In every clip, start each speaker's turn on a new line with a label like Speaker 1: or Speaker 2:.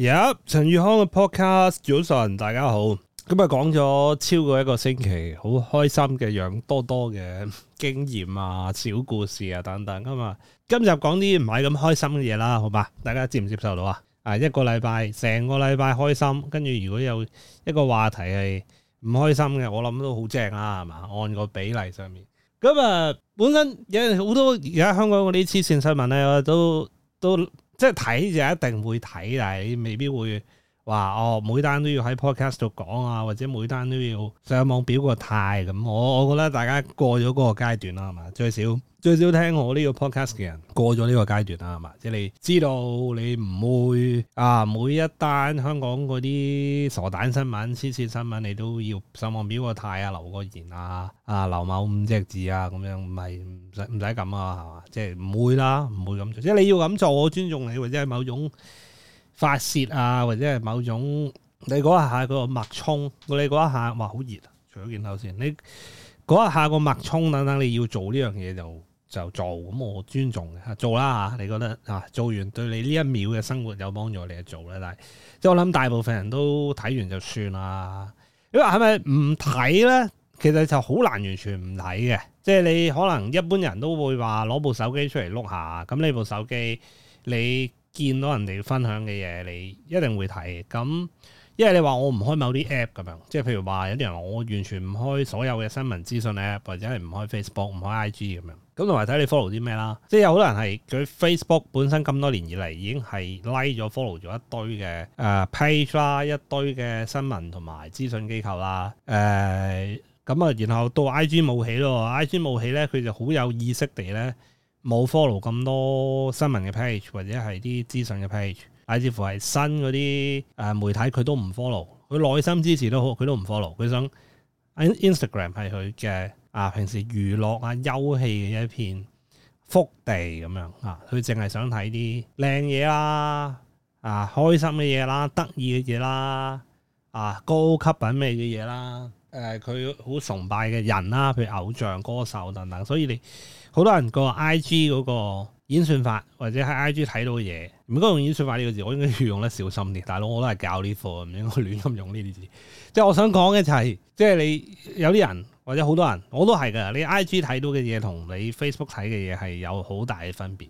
Speaker 1: 有陳宇康嘅 podcast 早晨，大家好。咁啊，講咗超過一個星期，好開心嘅養多多嘅經驗啊、小故事啊等等。咁、嗯、啊，今日講啲唔係咁開心嘅嘢啦，好吧？大家接唔接受到啊？啊，一個禮拜成個禮拜開心，跟住如果有一個話題係唔開心嘅，我諗都好正啦，係嘛？按個比例上面，咁、嗯、啊，本身有好多而家香港嗰啲黐線新聞呢，都都。即係睇就一定會睇，但係未必會。話哦，每單都要喺 podcast 度講啊，或者每單都要上網表個態咁。我我覺得大家過咗嗰個階段啦，係嘛？最少最少聽我呢個 podcast 嘅人過咗呢個階段啦，係嘛？即係你知道你唔會啊，每一單香港嗰啲傻蛋新聞、黐線新聞，你都要上網表個態啊、留個言啊、啊留某五隻字啊咁樣，唔係唔使唔使咁啊，係嘛？即係唔會啦，唔會咁做。即係你要咁做，我尊重你，或者係某種。發泄啊，或者係某種你講一下個脈沖，你講一下話好熱啊！除咗件褸先，你講一下個脈沖等等，你要做呢樣嘢就就做。咁我尊重嘅，做啦嚇。你覺得啊，做完對你呢一秒嘅生活有幫助，你就做啦。但係即係我諗大部分人都睇完就算啦。如果係咪唔睇咧？其實就好難完全唔睇嘅。即係你可能一般人都會話攞部手機出嚟碌下。咁你部手機你。見到人哋分享嘅嘢，你一定會睇。咁一係你話我唔開某啲 app 咁樣，即係譬如話有啲人我完全唔開所有嘅新聞資訊 app，或者係唔開 Facebook、唔開 IG 咁樣。咁同埋睇你 follow 啲咩啦。即係有好多人係佢 Facebook 本身咁多年以嚟已經係 like 咗 follow 咗一堆嘅誒、呃、page 啦，一堆嘅新聞同埋資訊機構啦。誒咁啊，然後到 IG 冒起咯，IG 冒起咧，佢就好有意識地咧。冇 follow 咁多新聞嘅 page 或者係啲資訊嘅 page，乃至乎係新嗰啲誒媒體佢都唔 follow，佢內心支持都好佢都唔 follow。佢想 Instagram 係佢嘅啊，平時娛樂啊、休憩嘅一片福地咁樣啊，佢淨係想睇啲靚嘢啦啊，開心嘅嘢啦、得意嘅嘢啦啊、高級品味嘅嘢啦，誒佢好崇拜嘅人啦，譬如偶像歌手等等，所以你。好多人個 I G 嗰個演算法，或者喺 I G 睇到嘢，唔該用演算法呢個字，我應該要用得小心啲。大佬我都係教呢課，唔應該亂咁用呢啲字。 即係我想講嘅就係、是，即係你有啲人或者好多人，我都係㗎。你 I G 睇到嘅嘢同你 Facebook 睇嘅嘢係有好大嘅分別。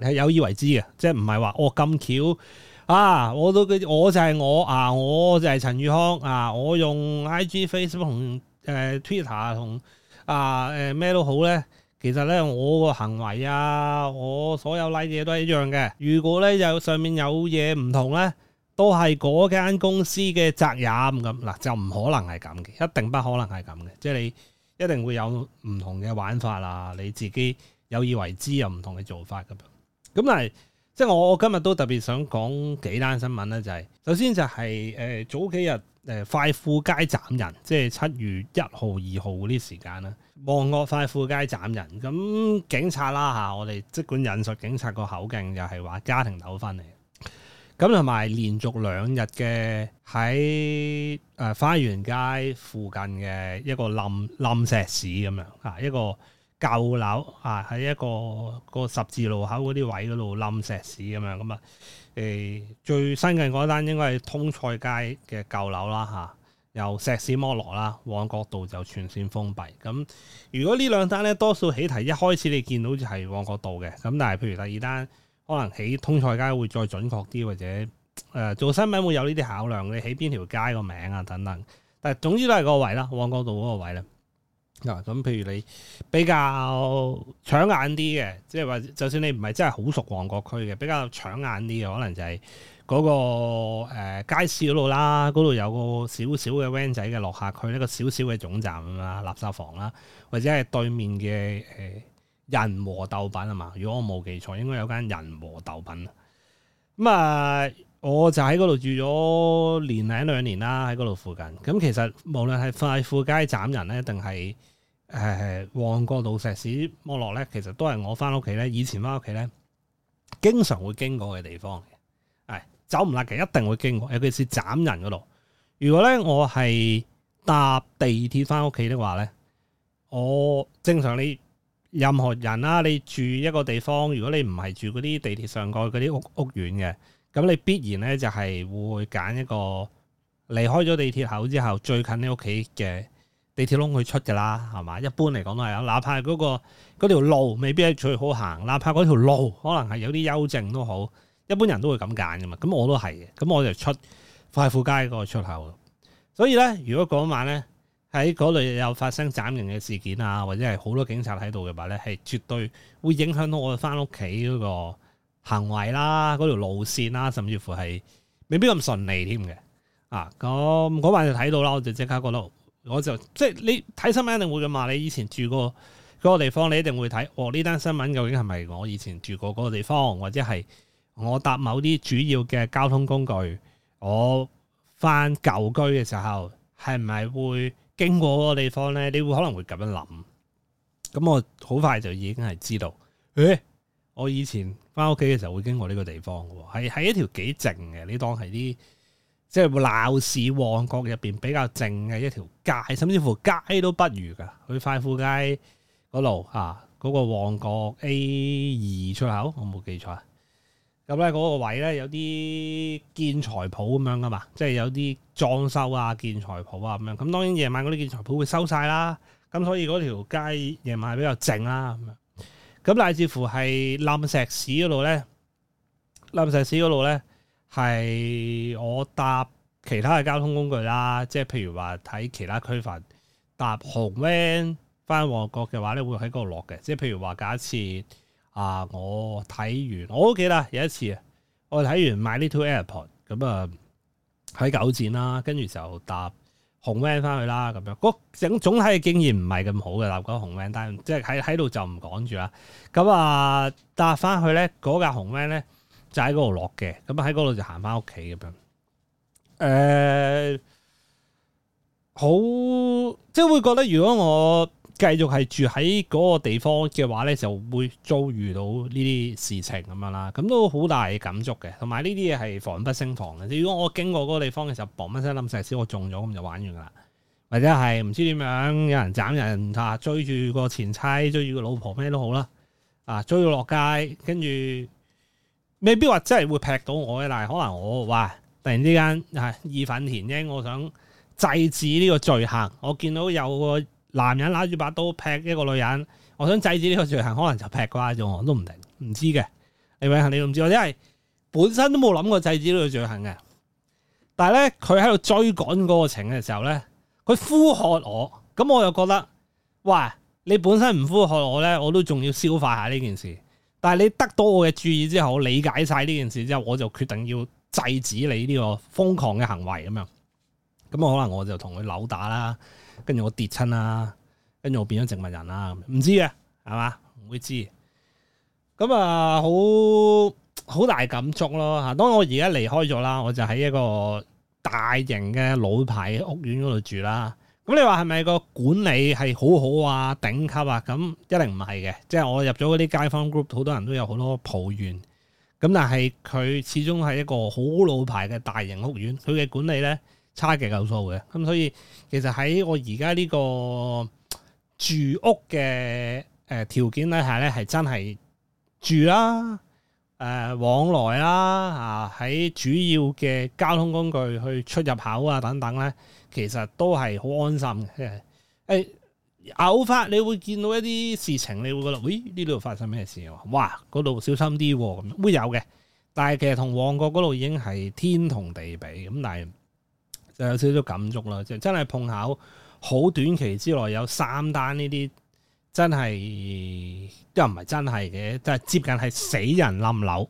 Speaker 1: 你係有意為之嘅，即係唔係話我咁巧啊？我都我就係我啊，我就係陳宇康啊，我用 I G、呃、Facebook 同誒 Twitter 同啊誒咩都好咧。其實咧，我個行為啊，我所有拉嘢都係一樣嘅。如果咧有上面有嘢唔同咧，都係嗰間公司嘅責任咁嗱，就唔可能係咁嘅，一定不可能係咁嘅。即係你一定會有唔同嘅玩法啦，你自己有意為之有唔同嘅做法咁樣。咁但係，即係我今日都特別想講幾單新聞咧，就係、是、首先就係、是、誒、呃、早幾日。誒快富街斬人，即係七月一號、二號嗰啲時間啦。旺角快富街斬人，咁警察啦嚇，我哋即管引述警察個口徑，又係話家庭糾紛嚟。咁同埋連續兩日嘅喺誒花園街附近嘅一個冧冧石屎咁樣嚇，一個舊樓嚇喺一個個十字路口嗰啲位嗰度冧石屎咁樣咁啊！誒最新嘅嗰單應該係通菜街嘅舊樓啦嚇，由、啊、石屎摩羅啦，旺角道就全線封閉。咁如果兩呢兩單咧，多數起題一開始你見到就係旺角道嘅，咁但係譬如第二單可能起通菜街會再準確啲，或者誒、呃、做新聞會有呢啲考量，你起邊條街個名啊等等。但係總之都係個位啦，旺角道嗰個位啦。嗱，咁譬、嗯、如你比較搶眼啲嘅，即係話，就算你唔係真係好熟旺角區嘅，比較搶眼啲嘅，可能就係嗰、那個、呃、街市嗰度啦，嗰度有個少少嘅 van 仔嘅落客區一、這個少少嘅總站啦，垃圾房啦，或者係對面嘅誒仁和豆品啊嘛，如果我冇記錯，應該有間仁和豆品啊，咁、嗯、啊～、呃我就喺嗰度住咗年零兩年啦，喺嗰度附近。咁、嗯嗯、其實無論係快富街斬人咧，定係誒旺角道石屎剝落咧，其實都係我翻屋企咧，以前翻屋企咧，經常會經過嘅地方嘅。誒、哎，走唔甩嘅，一定會經過。尤其是斬人嗰度。如果咧我係搭地鐵翻屋企的話咧，我正常你任何人啦、啊，你住一個地方，如果你唔係住嗰啲地鐵上蓋嗰啲屋屋苑嘅。咁你必然咧就係、是、會揀一個離開咗地鐵口之後最近你屋企嘅地鐵窿去出㗎啦，係嘛？一般嚟講都係啊，哪怕嗰、嗰個條路未必係最好行，哪怕嗰條路可能係有啲幽靜都好，一般人都會咁揀噶嘛。咁我都係嘅，咁我就出快富街嗰個出口。所以咧，如果嗰晚咧喺嗰度有發生斬人嘅事件啊，或者係好多警察喺度嘅話咧，係絕對會影響到我翻屋企嗰個。行為啦，嗰條路線啦，甚至乎係未必咁順利添嘅啊！咁嗰晚就睇到啦，我就即刻覺得，我就即係你睇新聞一定會嘅嘛。你以前住過嗰個地方，你一定會睇哦。呢單新聞究竟係咪我以前住過嗰個地方，或者係我搭某啲主要嘅交通工具，我翻舊居嘅時候係唔係會經過嗰個地方咧？你會可能會咁樣諗。咁我好快就已經係知道，誒、欸，我以前。翻屋企嘅時候會經過呢個地方嘅，係喺一條幾靜嘅，你當係啲即係鬧市旺角入邊比較靜嘅一條街，甚至乎街都不如噶。去快富街嗰度啊，嗰個旺角 A 二出口，我冇記錯。咁咧嗰個位咧有啲建材鋪咁樣噶嘛，即係有啲裝修啊建材鋪啊咁樣。咁當然夜晚嗰啲建材鋪會收晒啦，咁所以嗰條街夜晚係比較靜啦咁樣。咁乃至乎係冧石市嗰度咧，冧石市嗰度咧係我搭其他嘅交通工具啦，即係譬如話睇其他區份搭紅 van 翻旺角嘅話咧，會喺嗰度落嘅。即係譬如話假設啊，我睇完我屋企啦，有一次我睇完 my little airport 咁、嗯、啊，喺九展啦，跟住就搭。紅 van 翻去啦，咁樣嗰整總體嘅經驗唔係咁好嘅，搭嗰紅 van，但係即係喺喺度就唔講住啦。咁啊搭翻去咧，嗰架紅 van 咧就喺嗰度落嘅，咁喺嗰度就行翻屋企咁樣。誒，好即係會覺得如果我。繼續係住喺嗰個地方嘅話咧，就會遭遇到呢啲事情咁樣啦。咁都好大感觸嘅。同埋呢啲嘢係防不勝防嘅。如果我經過嗰個地方嘅時候，嘣一聲冧石屎，我中咗咁就玩完噶啦。或者係唔知點樣有人斬人啊，追住個前妻，追住個老婆咩都好啦。啊，追到落街，跟住未必話真係會劈到我嘅。但係可能我哇，突然之間係義憤填膺，我想制止呢個罪行。我見到有個男人拿住把刀劈一個女人，我想制止呢個罪行，可能就劈瓜啫。我都唔定，唔知嘅。李永行，你唔知因為本身都冇諗過制止呢個罪行嘅。但係咧，佢喺度追趕過程嘅時候咧，佢呼喝我，咁我又覺得，喂，你本身唔呼喝我咧，我都仲要消化下呢件事。但係你得到我嘅注意之後，我理解晒呢件事之後，我就決定要制止你呢個瘋狂嘅行為咁樣。咁可能我就同佢扭打啦。跟住我跌親啦，跟住我變咗植物人啦，唔知啊，係嘛？唔會知。咁、嗯、啊，好好大感觸咯嚇。當我而家離開咗啦，我就喺一個大型嘅老牌屋苑嗰度住啦。咁、嗯、你話係咪個管理係好好啊、頂級啊？咁、嗯、一定唔係嘅，即係我入咗嗰啲街坊 group，好多人都有好多抱怨。咁、嗯、但係佢始終係一個好老牌嘅大型屋苑，佢嘅管理咧。差極有數嘅，咁、嗯、所以其實喺我而家呢個住屋嘅誒、呃、條件底下咧，係真係住啦、啊，誒、呃、往來啦、啊，啊喺主要嘅交通工具去出入口啊等等咧，其實都係好安心嘅。誒、就、偶、是哎、發，你會見到一啲事情，你會覺得，喂呢度發生咩事啊？哇，嗰度小心啲咁、啊，會有嘅。但係其實同旺角嗰度已經係天同地比咁，但係。就有少少感觸啦，就真係碰巧好短期之內有三單呢啲，真係都唔係真係嘅，就係接近係死人冧樓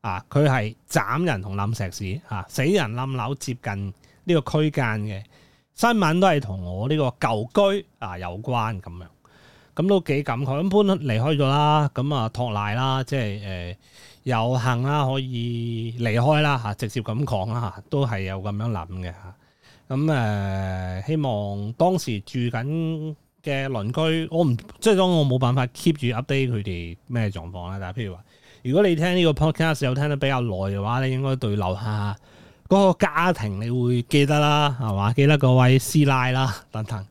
Speaker 1: 啊！佢係斬人同冧石屎啊！死人冧樓接近呢個區間嘅新聞都係同我呢個舊居啊有關咁樣。咁都幾感慨，一般離開咗啦，咁啊托賴啦，即係誒有幸啦，呃、可以離開啦嚇，直接咁講啦嚇，都係有咁樣諗嘅嚇。咁、嗯、誒、呃、希望當時住緊嘅鄰居，我唔即係當我冇辦法 keep 住 update 佢哋咩狀況啦。但係譬如話，如果你聽呢個 podcast 有聽得比較耐嘅話你應該對樓下嗰、嗰個家庭你會記得啦，係嘛？記得嗰位師奶啦，等等。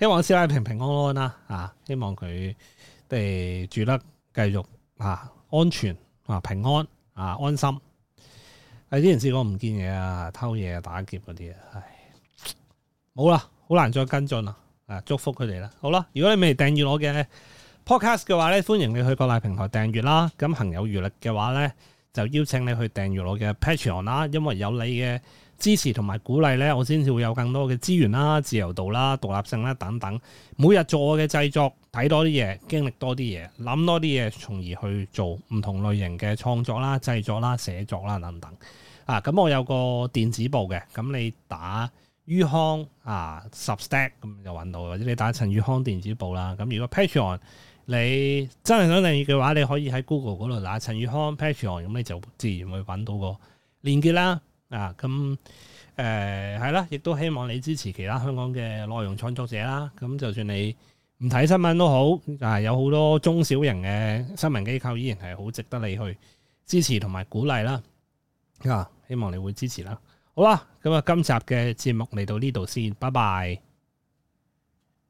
Speaker 1: 希望師奶平平安安啦，啊！希望佢哋住得繼續啊安全啊平安啊安心。之前試過唔見嘢啊，偷嘢啊，打劫嗰啲啊，唉，冇啦，好難再跟進啦。啊，祝福佢哋啦。好啦，如果你未訂閱我嘅 podcast 嘅話咧，歡迎你去各大平台訂閱啦。咁行有餘力嘅話咧。就邀請你去訂閱我嘅 Patreon 啦，因為有你嘅支持同埋鼓勵咧，我先至會有更多嘅資源啦、自由度啦、獨立性啦等等。每日做我嘅製作，睇多啲嘢，經歷多啲嘢，諗多啲嘢，從而去做唔同類型嘅創作啦、製作啦、寫作啦等等。啊，咁、嗯、我有個電子報嘅，咁你打宇康啊 Substack 咁就揾到，或者你打陳宇康電子報啦。咁如果 Patreon，你真係想訂閱嘅話，你可以喺 Google 嗰度打陳宇康 Patreon 咁，Patreon，你就自然會揾到個連結啦。啊，咁誒係啦，亦都希望你支持其他香港嘅內容創作者啦。咁就算你唔睇新聞都好，嗱、啊、有好多中小型嘅新聞機構依然係好值得你去支持同埋鼓勵啦。啊，希望你會支持啦。好啦，咁啊，今集嘅節目嚟到呢度先，拜拜。